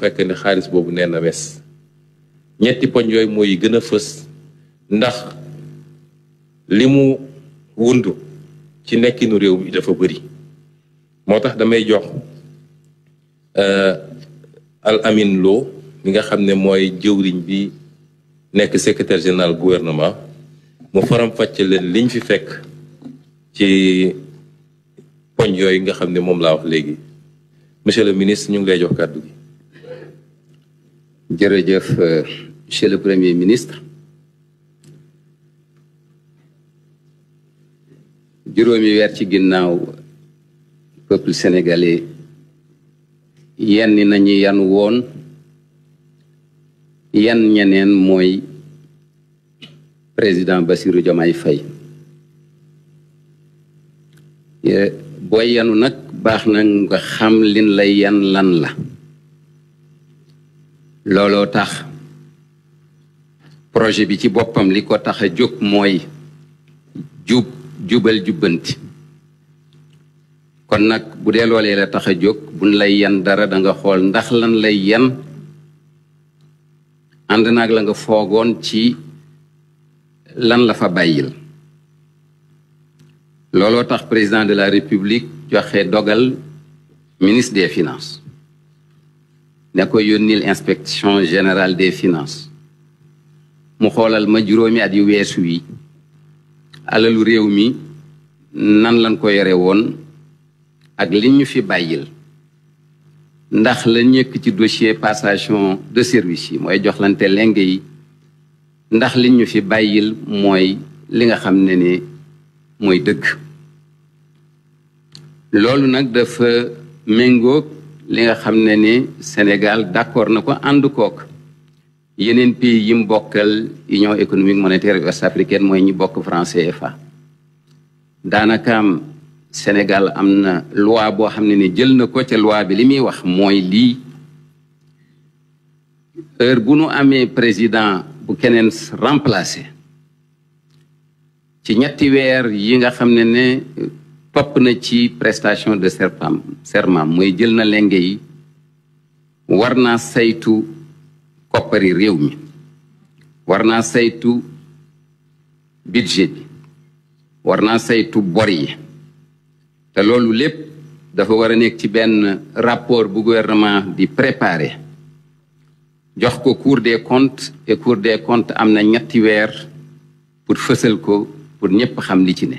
fekk ne xaalis boobu nee na wes ñetti poñ yooyu mooy gën a fës ndax li mu wund ci nekkinu réew mi dafa bëri moo tax damay jox euh, al amin loo mi nga xam ne mooy jëwriñ bi nekk secretaire général gouvernement mu faram fàcce leen liñ fi fekk ci poñ yooyu nga xam ne moom laa wax léegi monsieur le ministre ñu ngi jox kàddu gi jërëjëf euh, monsieur le premier ministre juróomi weer ci ginnaaw peuple sénégalais yenn nañu yan woon yan ñeneen mooy président Bassirou Diomaye fay euh, booy yanu nag baax na nga xam lin lay yan lan la lolo tax projet bi ci bopam liko ko juk moy jub jubal jubbanti kon nak bu dee la tax juk buñ lay yenn dara da nga xol ndax lan lay yenn and nak la nga fogon ci lan la fa bayil lolo tax président de la république joxé dogal ministre des finances ne ko yónnil inspection générale des finances mu xoolal ma juróomi at yu weesu yi alalu réew mi nan lan ko yore woon ak li ñu fi bàyyil ndax la ñëkk ci dossier passation de service yi mooy joxlante leng yi ndax li ñu fi bayil, mooy li nga xam ne ni mooy dëgg loolu nag dafa li nga xam ne ni Sénégal d'accord na ko ànd kook yeneen pays yi mu bokkal union économique monétaire ouest africaine mooy ñi bokk franc CFA daanakaam Sénégal am na loi boo xam ne ni jël na ko ca loi bi li muy wax mooy lii heure bu nu amee président bu keneen remplacé ci ñetti weer yi nga xam ne ne topp na ci prestation de serment serment mooy jël na lenge yi war naa saytu koppari réew mi war naa saytu budget bi war naa saytu bor yi te loolu lépp dafa war a nekk ci benn rapport bu gouvernement di préparer jox ko Cour de comptes et Cour des comptes am na ñetti weer pour fësal ko pour ñëpp xam li ci ne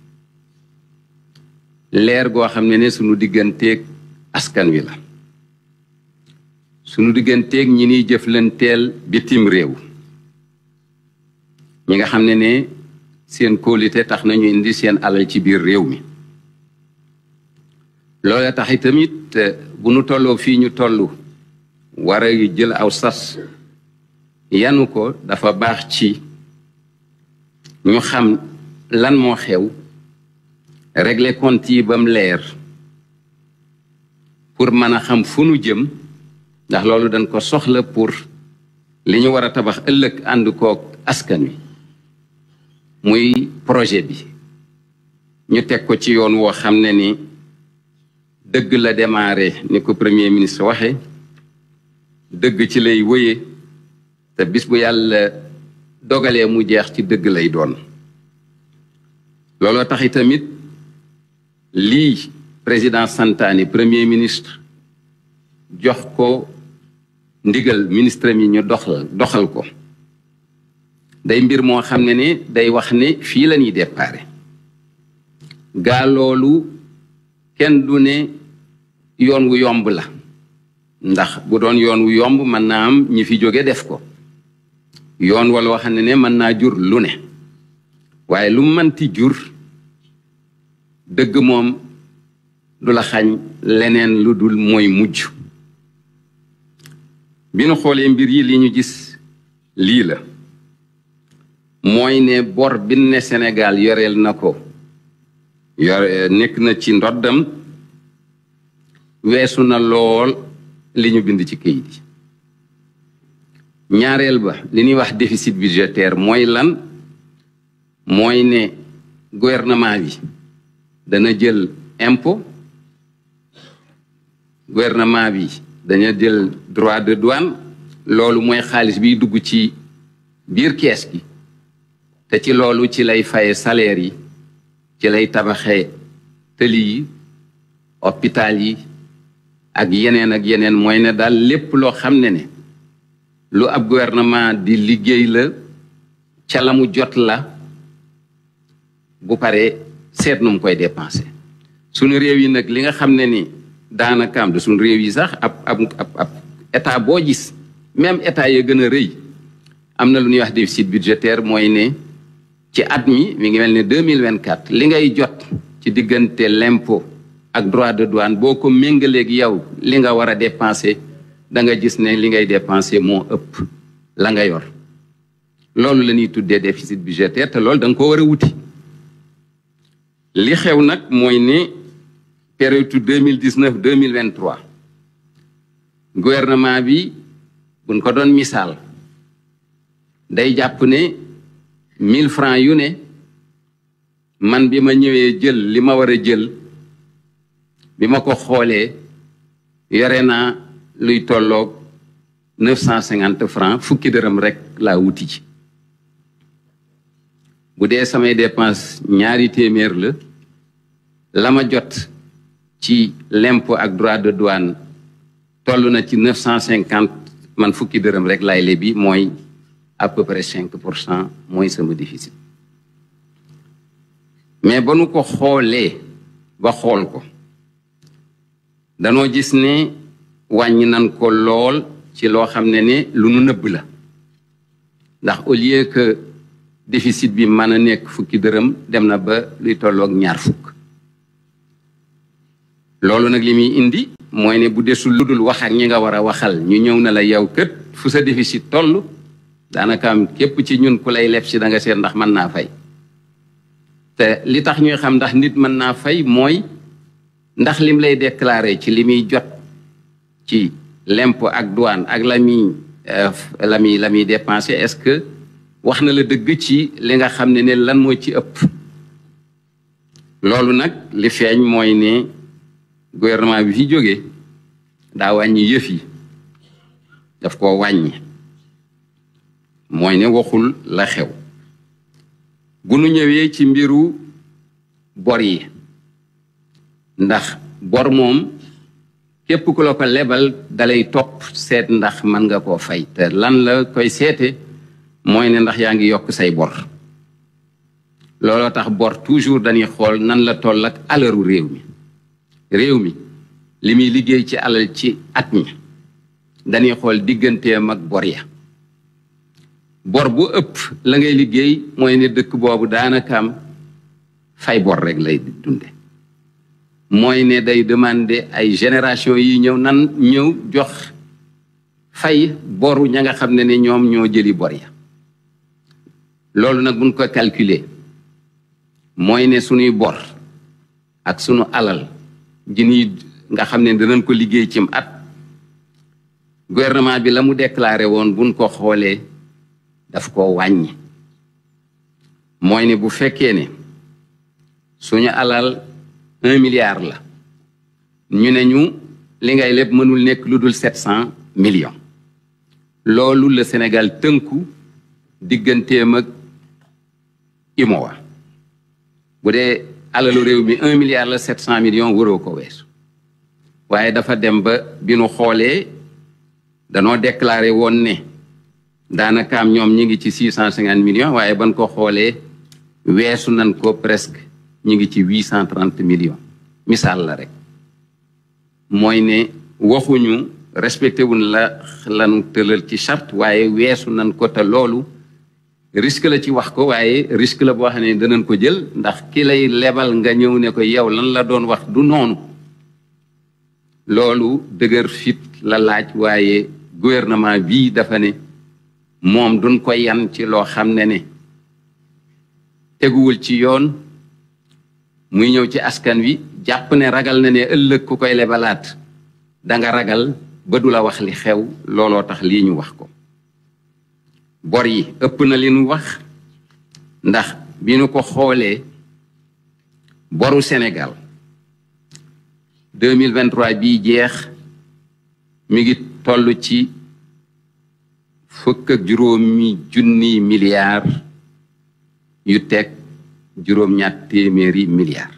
leer goo xam ne ne sunu digganteeg askan wi la sunu digganteeg ñi niy jëflanteel bitim réew ñi nga xam ne ne seen kóolite tax nañu indi seen alal ci biir réew mi loola tax itamit eh, bu nu tolloo fii ñu toll war a jël aw sas yanu ko dafa baax ci ñu xam lan moo xew régler compte yi ba mu leer pour mën a xam fu nu jëm ndax loolu dañ ko soxla pour li ñu war a tabax ëllëg ànd kook askan wi muy projet bi ñu teg ko ci yoon woo xam ne ni dëgg la démarré ni ko premier ministre waxe dëgg ci lay wéye te bis bu yàlla dogalee mu jeex ci dëgg lay doon looloo tax lii président santaane premier ministre jox ko ndigal ministre mi ñu doxal doxal ko day mbir moo xam ne ni day wax ne fii la ñuy déparé gaa loolu kenn du ne yoon wu yomb la ndax bu doon yoon wu yomb mën naa am ñi fi jóge def ko yoon wala waxam ne ne mën naa jur lu ne waaye lu mënti jur dëgg moom du la xañ leneen lu dul mooy mujj bi nu xoolee mbir yi li ñu gis lii la mooy ne bor bi ne Sénégal yoreel na ko yore nekk na ci ndoddam weesu na lool li ñu bind ci këyit yi ñaareel ba li ñuy wax déficit budgétaire mooy lan mooy ne gouvernement bi dana jël impôt gouvernement bi daña jël droit de douane loolu mooy xaalis biy dugg ci biir kees gi te ci loolu ci lay faye saleer yi ci lay tabaxee tëli yi hôpital yi ak yeneen ak yeneen mooy ne daal lépp loo xam ne ne lu ab gouvernement di liggéey la ca la mu jot la bu paree seet nu mu koy dépensé suñu réew yi nag li nga xam ne ni daanakaam du suñu réew yi sax ab ab ab état boo gis même état ya gën a rëy am na lu ñuy wax déficit budgétaire mooy ne ci at mi mi ngi mel ne 2024 li ngay jot ci diggante lempo ak droit de douane boo ko méngaleeg yow li nga war a dépensé da nga gis ne li ngay dépensé moo ëpp la nga yor loolu la nuy tuddee déficit budgétaire te loolu da nga ko war a wuti li xew nag mooy ne période deux mille dix neuf deux mille vingt gouvernement bi bun ko doon misaal day jàpp ne mille francs yu ne man bi ma ñëwee jël li ma war a jël bi ma ko xoolee yore naa luy tolloog neuf cent cinquante francs fukki dërëm rek laa wuti ji bu dee samay dépense ñaari téeméer la la ma jot ci lempo ak droit de douane toll na ci neuf cent cinquante man fukki dërëm rek lay lebi mooy à peu cinq pour cent mooy sama déficit mais ba nu ko xoolee ba xool ko danoo gis ne wàññi nan ko lool ci loo xam ne ne lu nu nëbb la ndax au lieu déficit bi mana nek fukki deureum dem na ba li tolok ñaar fuk lolu nak limi indi moy ne bu dessul luddul wax ak ñinga wara waxal ñu ñew na la yow kët fu sa déficit tollu danaka am kep ci ñun ku lay lepp ci da nga seen ndax man na fay te li tax ñuy xam ndax nit man na fay moy ndax lim lay déclarer ci limi jot ci l'impôt ak douane ak lami lami lami muy euh, est-ce que wax na la dëgg ci li nga xam ne ne lan moo ci ëpp loolu nag li feeñ mooy ne gouvernement bi fi jógee daa wàññi yëf yi daf ko wàññi mooy ne waxul la xew bu nu ñëwee ci mbiru bor yi ndax bor moom képp ku la ko lebal dalay topp seet ndax mën nga koo fay te lan la koy seete mooy ne ndax yaa ngi yokk say bor looloo tax bor toujours dañuy xool nan la toll ak alalu réew mi réew mi li muy liggéey ci alal ci at mi dañuy xool digganteem ak bor ya bor bu ëpp la ngay liggéey mooy ne dëkk boobu daanakaam fay bor rek lay dunde mooy ne day demander ay génération yi ñëw nan ñëw jox fay boru ña nga xam ne ne ñoom ñoo jëli bor ya loolu nag buñ ko calculer mooy ne suñuy bor ak suñu alal ji nii nga xam ne dinañ ko liggéey cim at gouvernement bi la mu déclaré woon buñ ko xoolee daf ko wàññi mooy ne bu fekkee ne suñu alal un milliard la ñu ne ñu li ngay lépp mënul nekk lu dul sept cent millions loolu le Sénégal tënku digganteem ak UMOA bu dee alalu réew mi un milliard la sept cent millions waroo ko weesu waaye dafa dem ba bi nu xoolee danoo déclaré woon ne daanaka am ñoom ñi ngi ci six cent cinquante millions waaye ban ko xoolee weesu nan ko presque ñi ngi ci huit trente millions misaal la rek mooy ne waxuñu respecté wuñ la lan tëlal ci charte waaye weesu nan ko te loolu risque la ci wax ko waaye risque la boo xam ne danañ ko jël ndax ki lay lebal nga ñëw ne ko yow lan la doon wax du noonu loolu dëgër fit la laaj waaye gouvernement bii dafa ne moom duñ ko yan ci loo xam ne ne teguwul ci yoon muy ñëw ci askan wi jàpp ne ragal na ne ëllëg ku koy lebalaat danga ragal ba du la wax li xew looloo tax lii ñu wax ko bor yi ëpp na li nu wax ndax bi ko xoolee boru Sénégal 2023 bi jeex mi ngi toll ci fukk ak juróomi junni milliard yu teg juróom ñaat téeméeri milliard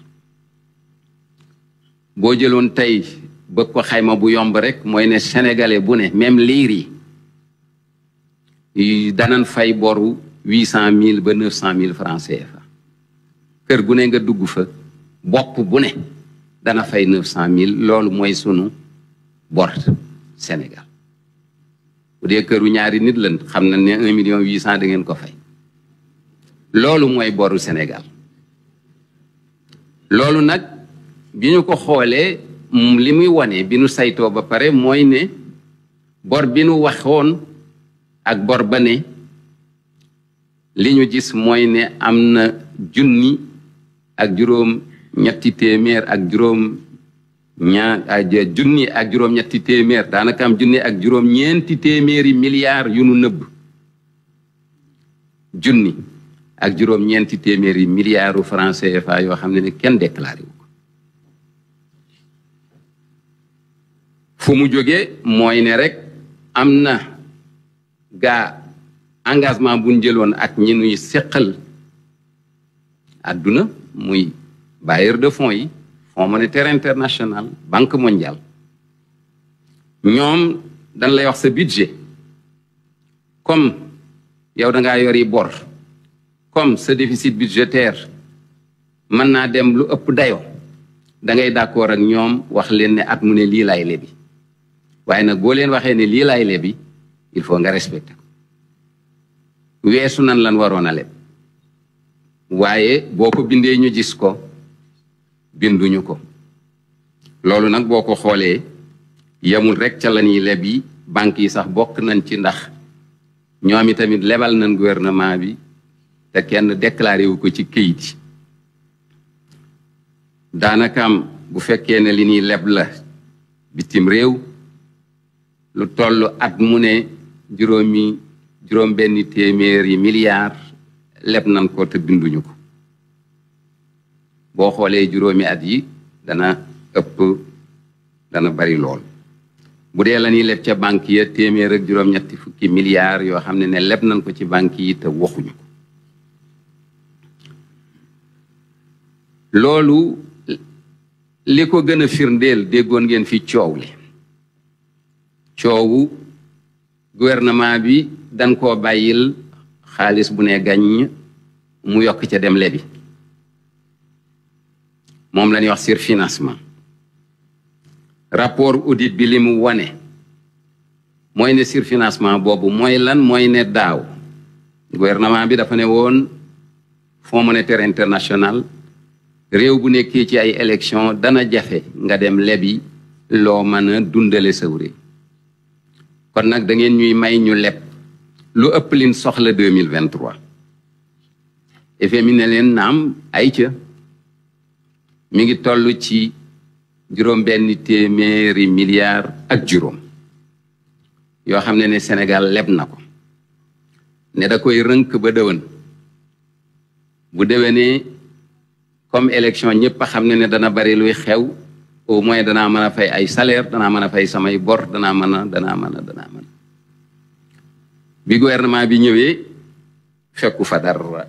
boo jëloon tey bëgg ko xayma bu yomb rek mooy ne sénégalais bu ne même liir yi danan fay boru huit cent mille ba neuf cent mille francs CFA kër gu ne nga dugg fa bopp bu ne dana fay neuf cent mille loolu mooy sunu bor Sénégal bu dee këru ñaari nit lan xam na ne un million huit cent da ngeen ko fay loolu mooy boru Sénégal loolu nag bi ñu ko xoolee li muy wane bi nu saytoo ba pare mooy ne bor bi nu waxoon ak bor ba ne li ñu gis mooy ne am na junni ak juróom ñetti téeméer ak juróom ñaar junni ak juróom ñetti téeméer daanaka junni ak juróom ñeenti téeméeri milliards yu nu nëbb junni ak juróom ñeenti téeméeri milliards u franc CFA yoo xam ne ni kenn déclaré wu ko fu mu jógee mooy ne rek am na gaa engagement bu ñu jëloon ak ñi nuy seqal àdduna muy bailleur de fonds yi fonds monétaire international banque mondiale ñoom dañ lay wax sa budget comme yow danga ngaa yori bor comme sa déficit budgétaire mën naa dem lu ëpp dayo da ngay d'accord ak ñoom wax leen ne at mu ne lii laay lebi waaye nag boo leen waxee ne lii laay lebi il faut nga respecté ko weesu nan lan waroon a leb waaye boo ko bindee ñu gis ko binduñu ko loolu nag boo ko xoolee yemul rek ca lañuy leb yi banque yi sax bokk nañ ci ndax ñoom tamit lebal nañ gouvernement bi te kenn déclaré wu ko ci këyit yi daanakam bu fekkee ne li ñuy leb la bitim réew lu toll at mu ne juróomi juróom benni téeméeri milliards leb nan ko te dunduñu ko boo xoolee juróomi at yi dana ëpp dana bari lool bu dee la ñuy leb ca banque ya téeméer ak juróom-ñetti fukki milliards yoo xam ne ne leb nan ko ci bank yi te waxuñu ko loolu li ko gën a firndeel déggoon ngeen fi coow li coowu gouvernement bi dañ koo bàyyil xaalis bu ne gàññ mu yokk ca dem lebi moom la ñuy wax surfinancement rapport audite bi li mu wane mooy ne surfinancement boobu mooy lan mooy ne daaw gouvernement bi dafa ne woon fonds monétaire international réew bu nekkee ci ay élection dana jafe nga dem lebi loo mën a dundale sa réew kon nag da ngeen ñuy may ñu leb lu ëpp liñ soxla 2023 FMI ne leen naam ay ca mi ngi toll ci juróom benn téeméeri milliards ak juróom yoo xam ne ni Sénégal leb na ko ne da koy rënk ba dëwën bu déwénee comme élection ñëpp a xam ne ne dana bari luy xew au moins danaa mën a fay ay salaire danaa mën a fay samay bor danaa mën a danaa mën a danaa mën bi gouvernement bi ñëwee fekku fa dara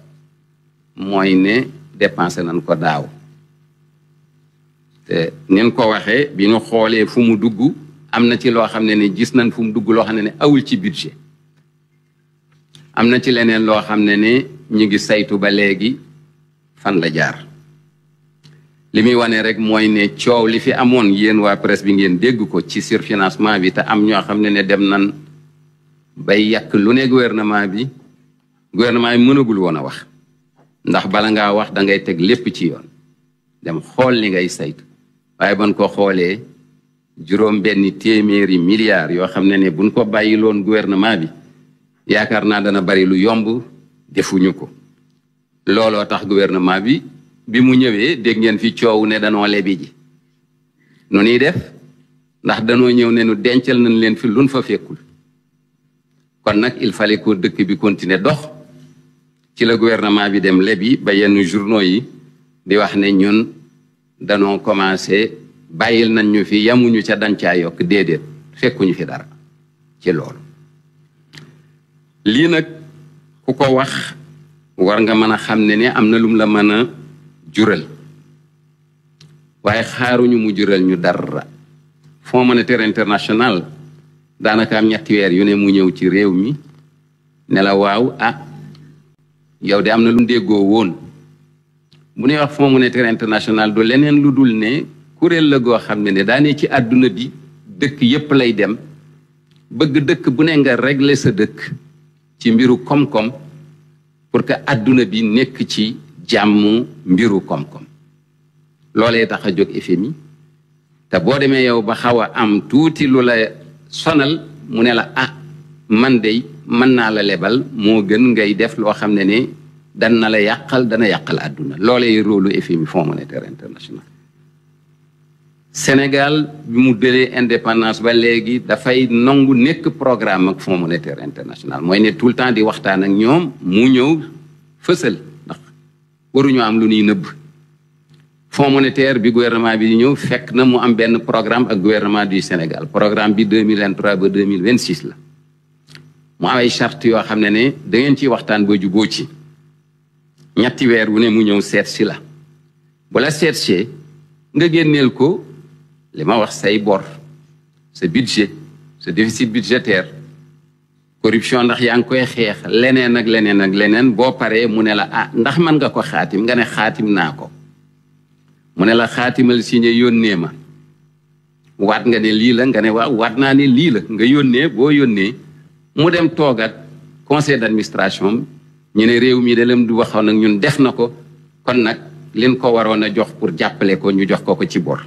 mooy ne dépensé nañ ko daaw te nin ko waxee bi ñu xoolee fu mu dugg am na ci loo xam ne ni gis nañ fu mu dugg loo xam ne ne awul ci budget am na ci leneen loo xam ne ni ñu ngi saytu ba léegi fan la jaar limi wanerek wane rek ne coow li fi amoon yéen wa presse bi ngeen dégg ko ci surfinancement bi te am ñoo xam ne ne dem nan bay yàq lu ne gouvernement bi gouvernement yi mënagul wax ndax bala wax da ngay ci yoon dem xool li ngay saytu ban ko xoolee juróom benn téeméeri milliards yoo xam ne buñ ko bàyyiloon gouvernement bi yaakaar naa dana bari lu yomb defuñu ko looloo tax gouvernement bi bi mu ñëwee dégg ngeen fi coow ne danoo lebi ji nu ñuy def ndax danoo ñëw ne nu dencal nañ leen fi luñ fa fekkul kon nag il fallait que dëkk bi continuer dox ci la gouvernement bi dem lebi ba yenn journaux yi di wax ne ñun danoo commencé bàyyil nañ ñu fi yamuñu ca dañ caa yokk déedéet fekkuñu fi dara ci loolu lii nag ku ko wax war nga mën a xam ne ne am na lum la mën a jural waaye xaaruñu mu jural ñu dara Fonds monétaire international daanaka am ñetti weer yu ne mu ñëw ci réew mi ne la waaw ah yow de am na lu mu déggoo woon bu ñuy wax Fonds monétaire international du leneen lu dul ne kuréel la goo xam ne ne daane ci àdduna bi dëkk yépp lay dem bëgg dëkk bu ne nga régler sa dëkk ci mbiru koom-koom pour que àdduna bi nekk ci jàmm mbiru kom kom lolé taxa jóg efemi ta bo démé yow ba xawa am touti lula sonal muné la ah man de man na la lebal mo gën ngay def lo xamné ne dan na la yakal dana yakal aduna lolé rôle lu Fonds monétaire international Sénégal bi mu délé indépendance ba da fay nongu nek programme ak Fonds monétaire international moy ne tout temps di waxtaan ak ñom mu ñëw fësal waruñoo am lu ñuy nëbb fonds monétaire bi gouvernement bi di ñëw fekk na mu am benn programme ak gouvernement du Sénégal programme bi 2023 ba 2026 la mu am ay charte yoo xam ne ne da ngeen ciy waxtaan ba juboo ci ñetti weer wu ne mu ñëw seet si la bu la seet see nga génneel ko li ma wax say bor sa budget sa déficit budgétaire corruption ndax yaa nga koy xeex leneen ak leneen ak leneen boo paree mu ne la ah ndax man nga ko xaatim nga ne xaatim naa ko mu ne la xaatimal siñe yónnee ma waat nga ne lii la nga ne waaw waat naa ne lii la nga yónnee boo yónnee mu dem toogat conseil d'administration ñu ne réew mi dalem du waxoon nag ñun def na ko kon nag leen ko waroon a jox pour jàppale ko ñu jox ko ko ci bor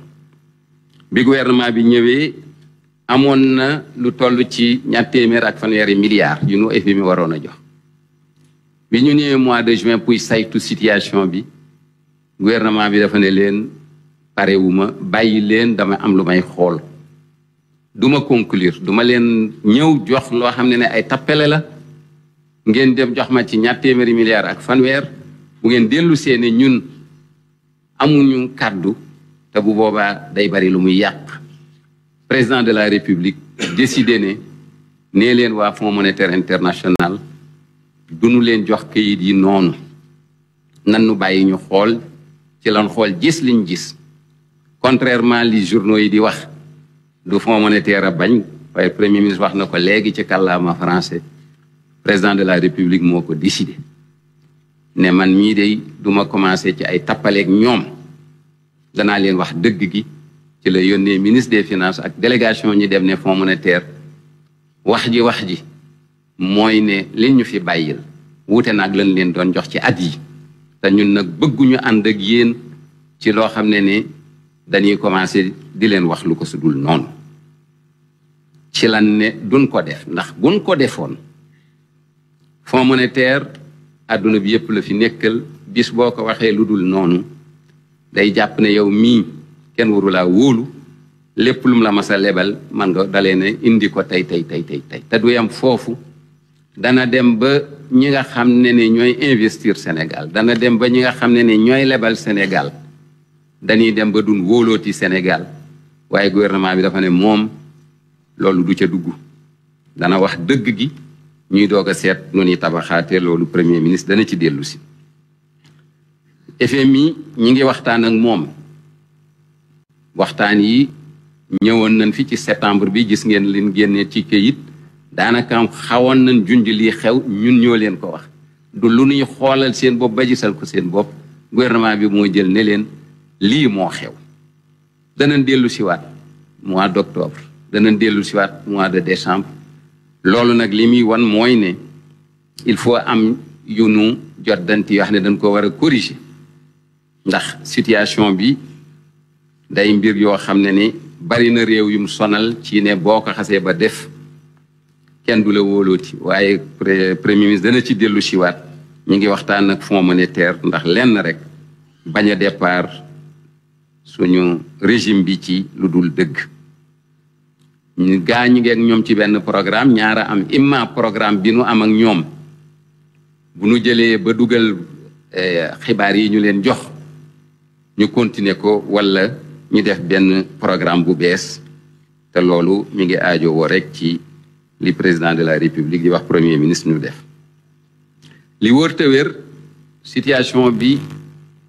bi gouvernement bi ñëwee amoon na lu toll ci ñaar téeméer ak fanweeri milliards yu nu FMI waroon a jox bi ñu ñëwee mois de juin pour saytu situation bi gouvernement bi dafa ne leen parewuma bàyyi leen dama am lu may xool duma conclure duma leen ñëw jox loo xam ne ne ay tappale la ngeen dem jox ma ci ñaar téeméeri milliards ak fanweer bu ngeen dellu seeni ñun amuñu kàddu te bu boobaa day bari lu muy yàq président de la république décidé né, né leen waa fonds monétaire international du nu len jox kayit yi non nan nu bàyyi ñu xol ci lan xol gis liñ gis contrairement li journaux yi di wax du fonds monétaire bañ premier ministre wax nako légui ci kàllaama français président de la république moko décidé né man mi de duma commencé ci ay tappaleeg ñoom danaa len wax deug gi ci la yónnee ministre des finances ak délégation ñi dem né fonds monétaire wax ji wax ji mooy ne li ñu fi bayil wuté nak lañ leen doon jox ci at yi te ñun bëggu ñu and ak yeen ci lo xamné né dañuy commencé di leen wax lu ko su dul ci lan né duñ ko def ndax buñ ko defoon fonds monétaire aduna bi yépp la fi nekkal bis boo ko waxee ludul dul noonu day jàpp ne yow mii ken wuru la wulu lepp lum la massa lebal man nga dalene ne indi ko tay tay tay tay tay ta du yam fofu dana dem ba ñi nga xamne ne ñoy investir Senegal, dana dem ba ñi nga xamne ne ñoy lebal senegal dani dem ba dun wóolooti senegal waye gouvernement bi dafa ne mom lolou du ca duggu dana wax deug gi ñuy doga set seet nu ñuy premier ministre dana ci dellu si FMI ñi ngi waxtaan ak mom waxtaan yi ñëwoon nañ fi ci septembre bi gis ngeen leen génnee ci këyit daanaka xawoon nañ junj lii xew ñun ñoo leen ko wax du lu ñuy xoolal seen bopp ba gisal ko seen bopp gouvernement bi moo jël ne leen lii moo xew danañ dellu siwaat mois d' octobre danañ dellu siwaat mois de décembre loolu nag li muy wan mooy ne il faut am yu nu jot danti yoo xam ne dañ ko war a corriger ndax situation bi day mbir yoo xam ne ni bari na réew yum sonal ci ne boo ko xasee ba def kenn du la wóolooti waaye premier ministre dana ci dellu siwaat ñu ngi waxtaan ak fonds monétaire ndax lenn rek bañ a départ suñu régime bi ci lu dul dëgg ñu gaa ñi ngi ñoom ci benn programme ñaara am imma programme bi nu am ak ñoom bu nu jëlee ba dugal eh, xibaar yi ñu leen jox ñu continuer ko walla ñu def benn programme bu bees te loolu mu ngi aajo woo rek ci li président de la république di wax premier ministre ñu def li wër te wér situation bi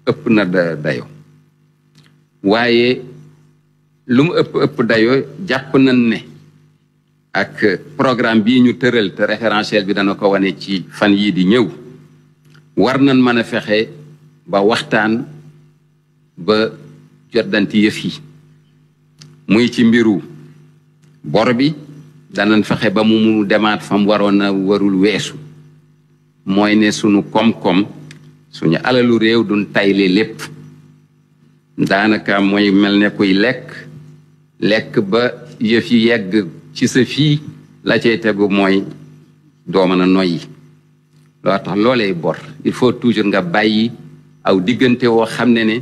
ëpp na dayo waaye lu mu ëpp ëpp dayo jàpp nañ ne ak programme bi ñu tëral te référentiel bi dana ko wane ci fan yii di ñëw war nañ mën a fexe ba waxtaan ba jot jotdanti yëf yi muy ci mbiru bor bi danañ fexe ba mu mu demaat fam waroon a warul weesu mooy ne sunu koom-koom suñu alalu réew duñ tayle lépp daanaka mooy mel ne kuy lekk lekk ba yëf yi yegg ci sa fii la cay tegu mooy doo mën a noyyi loo tax loolee bor il faut toujours nga bàyyi aw diggante woo xam ne ne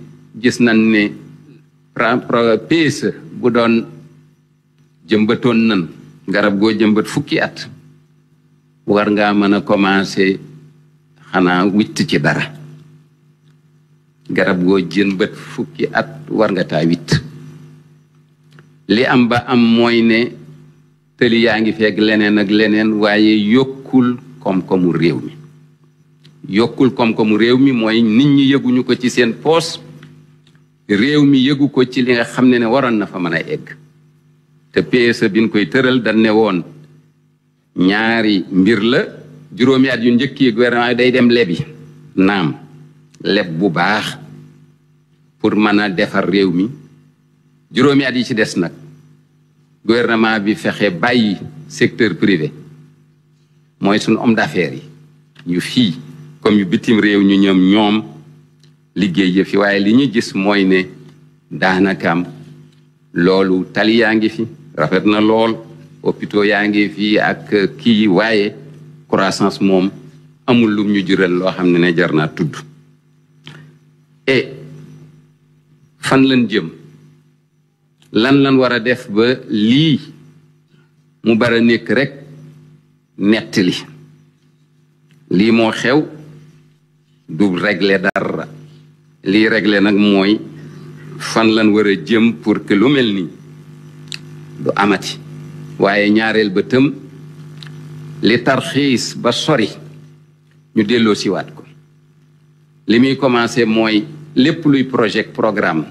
gis nañ ne PSE bu doon jëmbatoon nan garab goo jëmbat fukki at war mën a commencer xanaa witt ci dara garab goo jëmbat fukki at war nga taa li am ba am mooy ne tëli yaa ngi feeg leneen ak leneen waaye yokkul koom-koomu réew mi yokkul koom-koomu réew mi mooy nit ñi yëguñu ko ci seen poos réew mi yëgu ko ci li nga xam ne ne waroon na fa mën a egg te PSE sa ñu koy tëral da ne woon ñaari mbir la juróomi yu njëkk yi gouvernement bi day dem lebi naam leb bu baax pour mën a defar réew mi juróomi at yi ci des nag gouvernement bi fexe bàyyi secteur privé mooy sunu homme d'affaires yi ñu fii comme yu bitim réew ñu ñoom ñoom liggéey yëf yi waaye li ñu gis mooy ne daanakam loolu tali yaa ngi fi rafet na lool hôpitaux yaa ngi fi ak kii waaye croissance moom amul lum ñu jural loo xam ne ne jar naa tudd et fan lan jëm lan lan war a def ba lii mu bara nekk rek nettali lii moo xew du régler dara lii réglé nag mooy fan lan war a jëm pour que lu mel ni lu amati waaye ñaareel ba tëm li tarxiis ba sori ñu delloo siwaat ko li muy commencé mooy lépp luy projet programme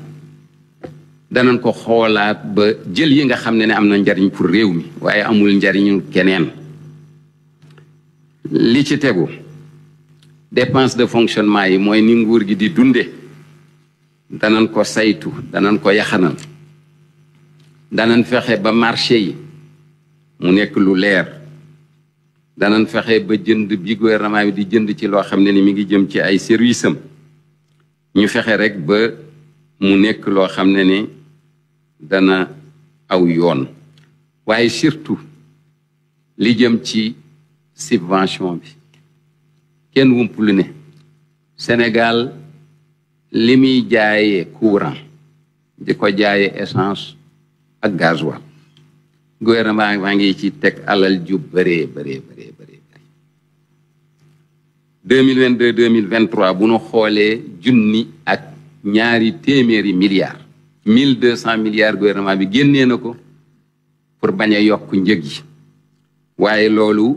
danañ ko xoolaat ba jël yi nga xam ne ne am na njariñ pour réew mi waaye amul njariñu keneen li ci tegu dépense de fonctionnement yi mooy ni nguur gi di dunde danañ ko saytu danañ ko yaxanal danañ fexe ba marché yi mu nekk lu leer danañ fexe ba jënd bi gouvernement bi di jënd ci loo xam ne ni mu ngi jëm ci ay service ñu fexe rek ba mu nekk loo xam ne ni dana aw yoon waaye surtout li jëm ci subvention bi kenn wumpul ne Sénégal li muy jaayee courant di ko jaaye essence ak gasoil gouvernement maa ngi ci teg alal ju bëree bëree bëree bëree bëri 2022 bu nu xoolee junni ak ñaari téeméeri milliards mille deux cent milliards gouvernement bi génnee na ko pour bañ a yokk njëg yi waaye loolu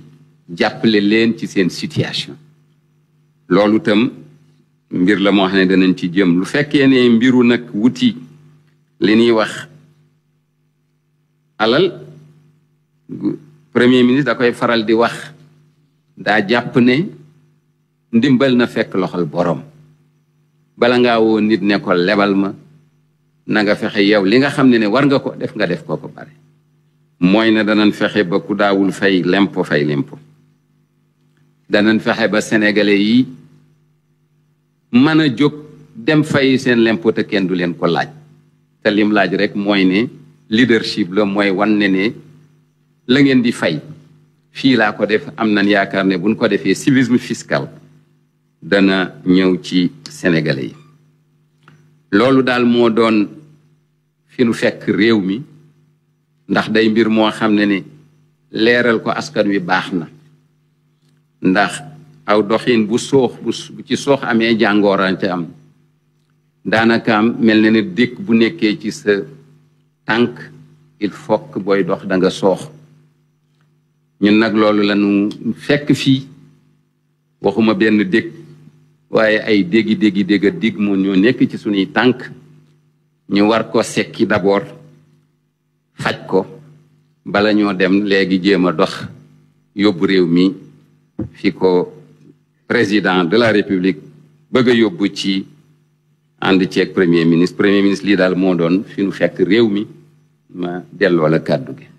jàppale leen ci seen situation loolu itam mbir la moo xam ne danañ ci jëm lu fekkee ne mbiru nag wuti li ñuy wax alal premier ministre da koy faral di wax daa jàpp ne ndimbal na fekk loxol borom bala ngaa woo nit ne ko lebal ma na nga fexe yow li nga xam ne ne war nga ko def nga def ko ko bare mooy ne danañ fexe ba ku daawul fay lempo fay lempo danañ fexe ba sénégalais yi mën a jóg dem fay seen l'impôt kenn du leen ko laaj te lim laaj rek mooy ne leadership la mooy wan ne ne la ngeen di fay fii laa ko def am na yaakaar ne buñ ko defee civisme fiscal dana ñëw ci sénégalais yi loolu daal moo doon fi nu fekk réew mi ndax day mbir moo xam ne ne leeral ko askan wi baax na ndax aw doxin bu soox bu ci soox amee jàngoorante am daanaka am mel na ne dëkk bu nekkee ci sa tànk il faut booy dox danga soox ñun nag loolu lañu fekk fii waxuma benn dëkk waaye ay déggi déggi dégg a dig mu ñu nekk ci suñuy tànk ñu war ko sekki d'abord xaj ko bala ñoo dem léegi jéem a dox yóbbu réew mi fiko président de la république bëgg a yóbbu ci ànd ceeg premier ministre premier ministre li dal mo doon fi nu fekk réew mi ma delloo la kaddu gi